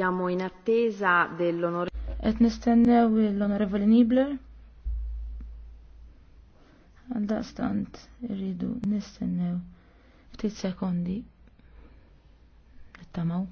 Siamo in attesa dell'onorevole. Et nistennew l Nibler. Għalda stant irridu nistennew ftit sekondi. Nittamaw.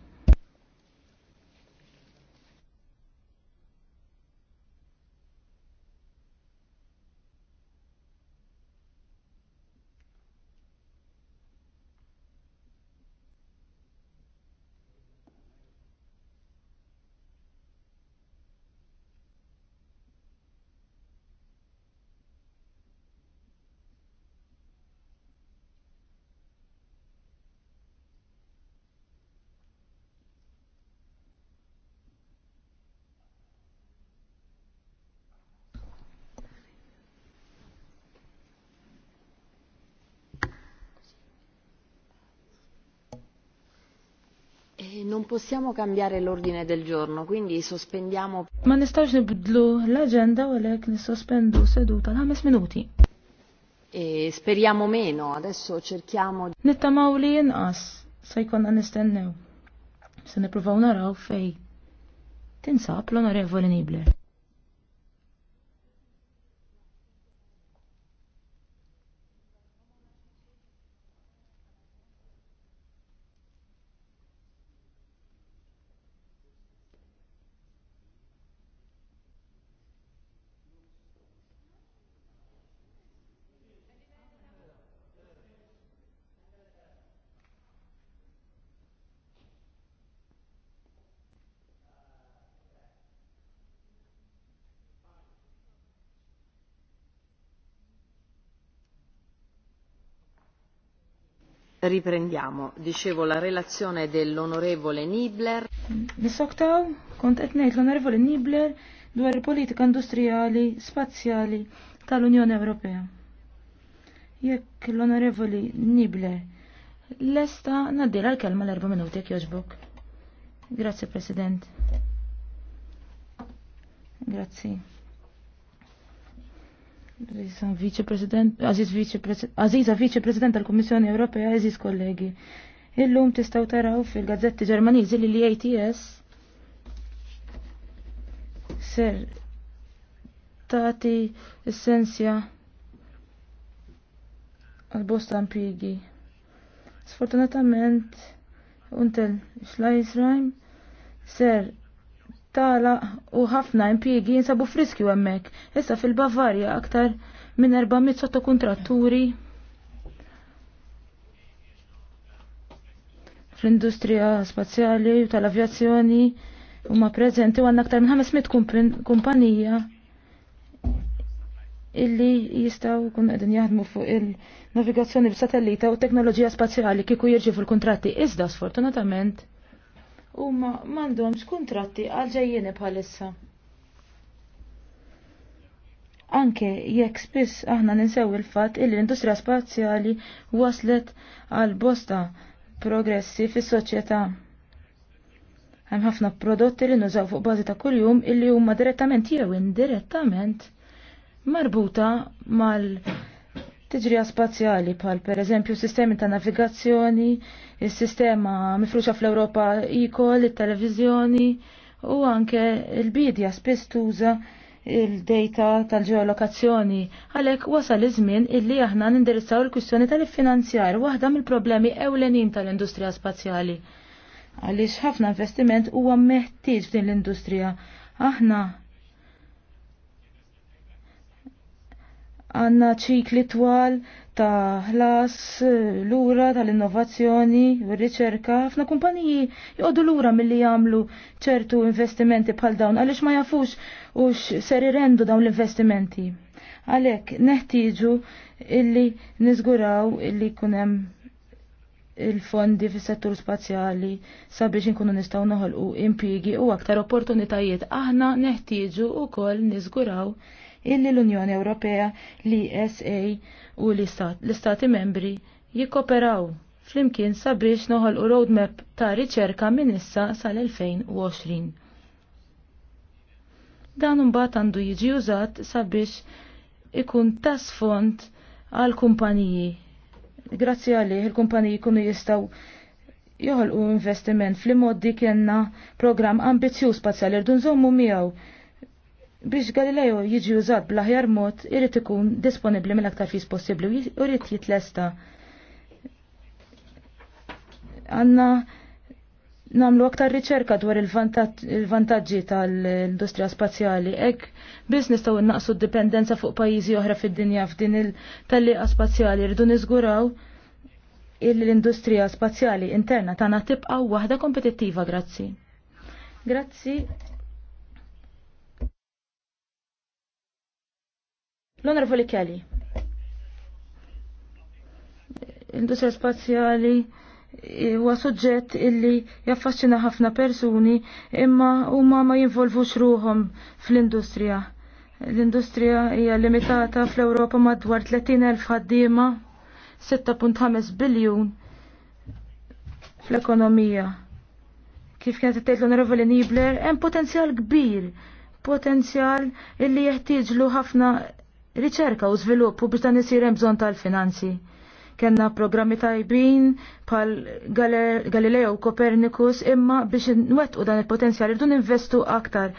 Non possiamo cambiare l'ordine del giorno, quindi sospendiamo. Ma nistax nibdlu l-agenda u lek nissospendu seduta l mes minuti. E speriamo meno, adesso cerchiamo. Nittamaw li jinqas, se jkonna nistennew. Se nipruvaw naraw fej. Tinsab l-onorevoli Nibler. Riprendiamo, dicevo la relazione dell'onorevole Nibler. Nisoktaw, kont etnejt l-onorevole Nibler dwar il-politika industriali spazjali tal-Unjoni Ewropea. Jekk l-onorevoli Nibler, lesta naddila l-kelma l-erba minuti jekk joġbok. Grazie President. Grazie. Aziza Vice President tal kommissjoni Ewropea, Aziz kollegi. Illum tistaw taraw fil-gazzetti Ġermaniżi li l-ATS ser tati essenzja għal-bosta impigi. Sfortunatament, untel xlajzrajm ser tala u ħafna impjiegi jinsabu friskju hemmhekk. Issa fil-Bavarja aktar minn 400 sottokuntratturi fl-industrija spazjali u tal-avjazzjoni huma preżenti u għandna aktar minn 500 kumpanija illi jistaw kun għedin jaħdmu fuq il-navigazzjoni b'satellita u teknoloġija spazjali kiku jirġi fil-kontratti. Iżda sfortunatament huma m'għandhomx kuntratti għal ġejjieni bħalissa. Anke jekk spiss aħna ninsew il-fatt illi l-industrija spazjali waslet għal bosta progressi fis-soċjetà. Hemm ħafna prodotti li nużaw fuq bażi ta' kuljum illi huma direttament jew indirettament marbuta mal- tiġrija spazjali pal per eżempju sistemi ta' navigazzjoni, il-sistema mifruxa fl-Europa ikol, il-televizjoni u anke il-bidja spiss tuża il-data tal-ġeolokazzjoni. Għalek wasal iż-żmien illi aħna nindirizzaw il-kwistjoni tal-finanzjar waħda mill-problemi ewlenin tal-industrija spazjali. Għaliex ħafna investiment huwa meħtieġ f'din l-industrija. Aħna għanna ċikli twal ta' ħlas lura tal-innovazzjoni u r-riċerka. F'na kumpaniji jgħodu lura mill-li jagħmlu ċertu investimenti bħal dawn għaliex ma jafux u ser irrendu dawn l-investimenti. Għalhekk neħtieġu illi niżguraw illi kunem il-fondi fis settur spazjali sabiex inkunu nistgħu noħolqu impigi u aktar opportunitajiet aħna neħtieġu ukoll niżguraw illi l-Unjoni Ewropea, l-ESA u l-Istati membri jikoperaw flimkien sabiex noħolqu roadmap ta' riċerka minn issa sal-2020. Dan mbagħad għandu jiġi użat sabiex ikun tas font għal kumpaniji. Grazzi għalih il-kumpaniji kunu jistaw joħolqu investiment fl-immoddi kienna program ambizjuż pazjal irdu nżommu miegħu biex Galileo jiġi użat bl-aħjar mod irrid ikun disponibbli mill-aktar fis possibbli u jrid jitlesta. Għanna namlu aktar riċerka dwar il-vantaġġi tal-industrija spazjali. Ek biss nistgħu naqsu d-dipendenza fuq pajjiżi oħra fid-dinja f'din il-tellieqa spazjali rridu niżguraw illi l-industrija spazjali interna tagħna tibqa' waħda kompetittiva grazzi. Grazzi L-Onorevoli Kelly. Industrija spazjali eh, huwa suġġett illi jaffaċċina ħafna persuni imma huma ma jinvolvux ruhom fl-industrija. L-industrija hija limitata fl-Ewropa madwar 30,000 ħaddiema, 6.5 biljun fl-ekonomija. Kif kienet tgħid l-Onorevoli Nibler, hemm potenzjal kbir, potenzjal illi jeħtieġlu ħafna Riċerka u sviluppu biex dan isir hemm bżonn tal-finanzi. Kenna programmi tajbin pal Galileo u Copernicus imma biex nwettqu dan il-potenzjal irdu ninvestu aktar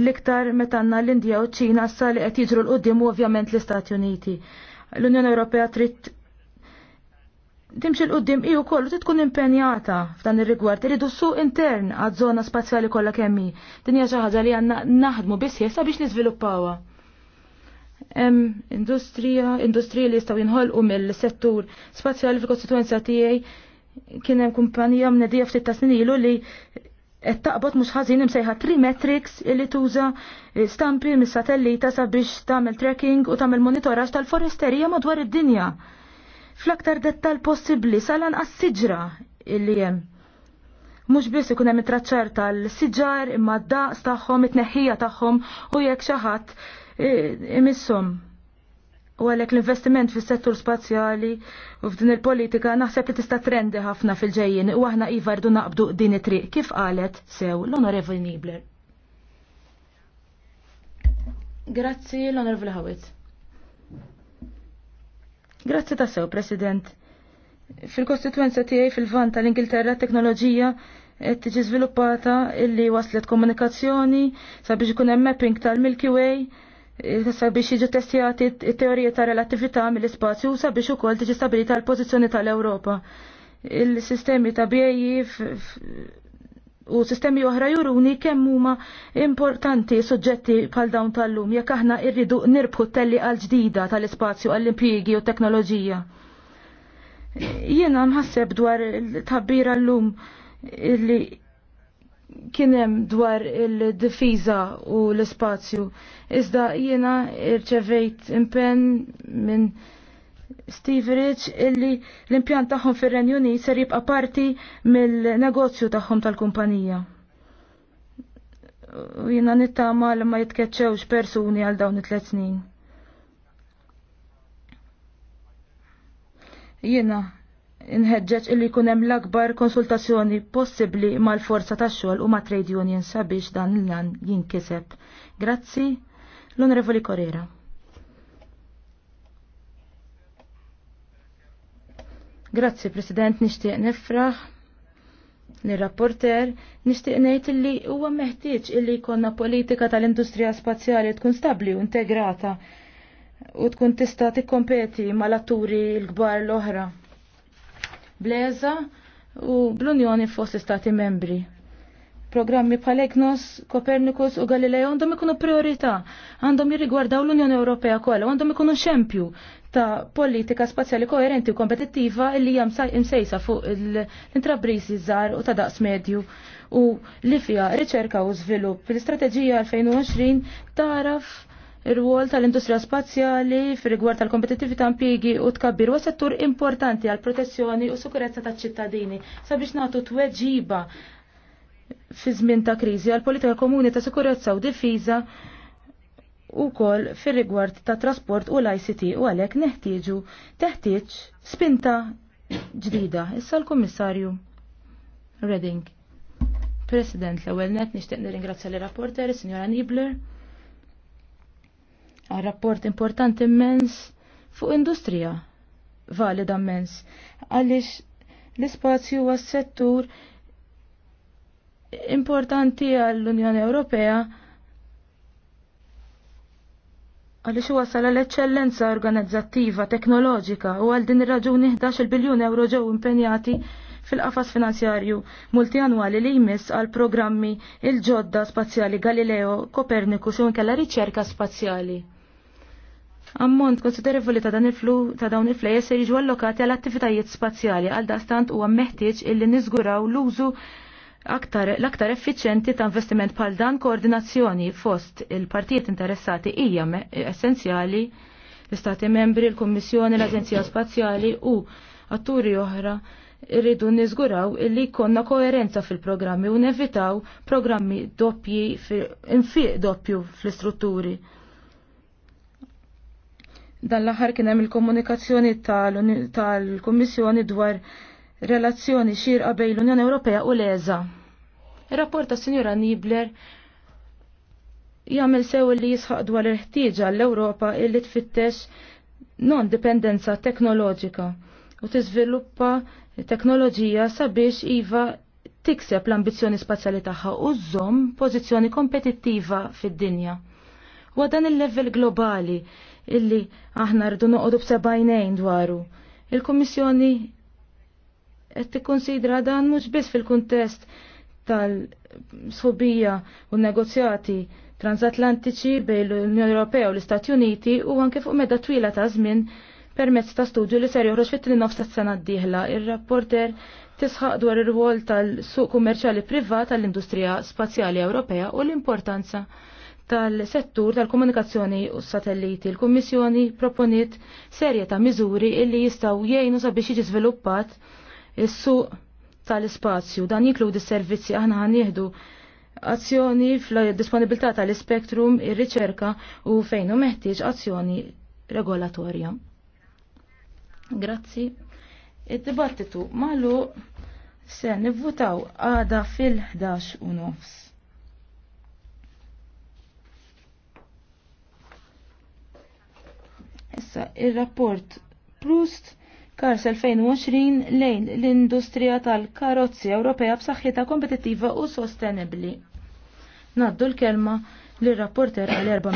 l-iktar metanna l-Indija u ċ-Ċina sa li qed jiġru l-qudiem ovvjament l-Istati Uniti. L-Unjoni Ewropea trid timxi l-qoddim iju trid tkun impenjata f'dan ir-rigward iridu suq intern għaż żona spazjali kollha kemm hi. Din hija xi ħaġa li għandna naħdmu biss biex niżviluppawha. Hemm industrija, industrija li jistgħu jinħolqu mill-settur spazjali fil-kostituenza tiegħi kien hemm kumpanija mnedija ftit ta' snin ilu li qed taqbod mhux ħażin imsejħa Trimetrix illi tuża stampi mis-satellita sabiex tagħmel tracking u tagħmel monitoraġġ tal-foresterija madwar id-dinja. Fl-aktar dettal possibbli sal-anqas siġra illi hemm Mhux biss ikun hemm traċċar tal-siġar imma d-daqs tagħhom, it-tneħħija tagħhom u jekk xi ħadd e, imissom. U għalhekk l-investiment fis-settur spazjali u f'din il-politika naħseb li tista' trendi ħafna fil-ġejjin u aħna iva rdu naqbdu din it-triq kif qalet sew l-Onorevoli Nibler. Grazzi l-Onorevoli Hawit. Grazzi ta' sew, President. Fil-kostituenza tiegħi fil vant tal-Ingilterra teknoloġija qed tiġi żviluppata illi waslet komunikazzjoni sabiex ikun hemm mapping tal-Milky Way eh, sabiex jiġu testjati t-teorija ta' relattività mill-ispazju sabiex ukoll tiġi stabilita l-pożizzjoni tal-Ewropa. Il-sistemi ta' BAE u sistemi oħra juruni kemm huma importanti suġġetti bħal dawn tal-lum jekk aħna rridu nirbħu telli għal ġdida tal-ispazju għall-impjiegi u t teknoloġija. Jiena nħasseb dwar il-tabbira l-lum li kienem dwar il-difiża u l-spazju. Iżda jiena irċevejt impen minn Steve Rich illi l-impjant tagħhom fir-Renju Unit ser jibqa' parti mill-negozju tagħhom tal-kumpanija. U jiena nittama li ma jitkeċċewx persuni għal dawn it tlet snin. Jiena inħedġeċ illi jkun hemm l-akbar konsultazzjoni possibbli mal-forza tax-xogħol u ma' trade union sabiex dan l lan jinkiseb. Grazzi, l-Onorevoli Korera. Grazzi, President, nixtieq nefraħ Nir-rapporter, nixtieq ngħid illi huwa meħtieġ illi jkollna politika tal-industrija spazjali tkun stabbli u integrata u tkun tista' tikkompeti mal-atturi l-kbar l-oħra. Bleza u bl-Unjoni fost l-Istati membri. Programmi bħal Egnos, Copernicus u Galileo għandhom ikunu priorità, għandhom jirrigwardaw l-Unjoni Ewropea kollha, għandhom ikunu xempju ta' politika spazjali koerenti u kompetittiva li hija msejsa fuq l intrabrisi żgħar u ta' daqs medju u li fiha riċerka u żvilupp. L-istrateġija 2020 taraf Ir-rwol tal-industrija spazjali fir-rigward tal-kompetittività impjiegi u tkabbir huwa settur importanti għal protezzjoni u sikurezza taċ-ċittadini sabiex nagħtu tweġiba fi żmien ta' kriżi għal politika komuni ta' sukurezza u difiża wkoll fir-rigward ta' trasport u l-ICT u għalhekk neħtieġu teħtieġ spinta ġdida. Issa l-Kummissarju Reding. President l-ewwel net nixtieq nirringrazzja l-rapporter, Signora Nibler għal rapport importanti immens fuq industrija valida immens għaliex l-ispazju huwa settur importanti għall-Unjoni Ewropea għaliex wasal sala l-eċċellenza organizzattiva teknoloġika u għal din ir-raġuni 11 biljun euro ġew impenjati fil-qafas finanzjarju multianwali li jmiss għal programmi il-ġodda spazjali Galileo, Copernicus u nkella riċerka spazjali. Ammont konsiderevoli ta' dan il-flu ta' dawn il-flejes se jiġu allokati għal attivitajiet spazjali għal dastant huwa meħtieġ illi niżguraw l-użu aktar, l-aktar effiċenti ta' investiment bħal dan koordinazzjoni fost il-partijiet interessati hija essenzjali l-Istati membri, l-Kommissjoni, l-Aġenzija Spazjali u atturi oħra irridu niżguraw illi konna koerenza fil-programmi u nevitaw programmi doppji, infiq doppju fl-istrutturi. Dan l-aħħar kien hemm il-komunikazzjoni tal-Kummissjoni dwar relazzjoni xirqa bejn l-Unjoni Ewropea u l eza Ir-rapport ta' Sinjura Nibler jagħmel sew li jisħaq dwar il-ħtieġa l-Ewropa illi tfittex non-dipendenza teknoloġika u tiżviluppa teknoloġija sabiex iva tikseb l-ambizzjoni spazjali tagħha u żżomm pożizzjoni kompetittiva fid-dinja. Wa dan il-level globali illi aħna rridu noqogħdu b'sebajnejn dwaru. Il-Kummissjoni qed tikkunsidra dan mhux biss fil-kuntest tal sħubija u negozjati transatlantiċi bejn l-Unjoni Ewropea u l-Istati Uniti u anke fuq medda twila ta' żmien permezz ta' studju li ser joħroġ fit nofs tas-sena d-dieħla. Ir-rapporter tisħaq dwar ir-rwol tal-suq kummerċjali privat tal-industrija spazjali Ewropea u l-importanza tal-settur tal-komunikazzjoni u s-satelliti. Il-Kummissjoni proponiet serje ta' miżuri illi jistaw jgħinu sabiex jiġi żviluppat is-suq tal-ispazju. Dan jinkludi s-servizzi aħna ħan jieħdu azzjoni fl-disponibilità tal-spektrum, ir-riċerka u fejn hu meħtieġ azzjoni regolatorja. Grazzi. Id-dibattitu malu se nivvutaw għada fil-11 u nofs. Issa, il-rapport Proust Kars 2020 lejn l-industrija tal-karozzi Ewropea b'saħħitha kompetittiva u sostenibbli. Naddu l-kelma l-rapporter għal erba'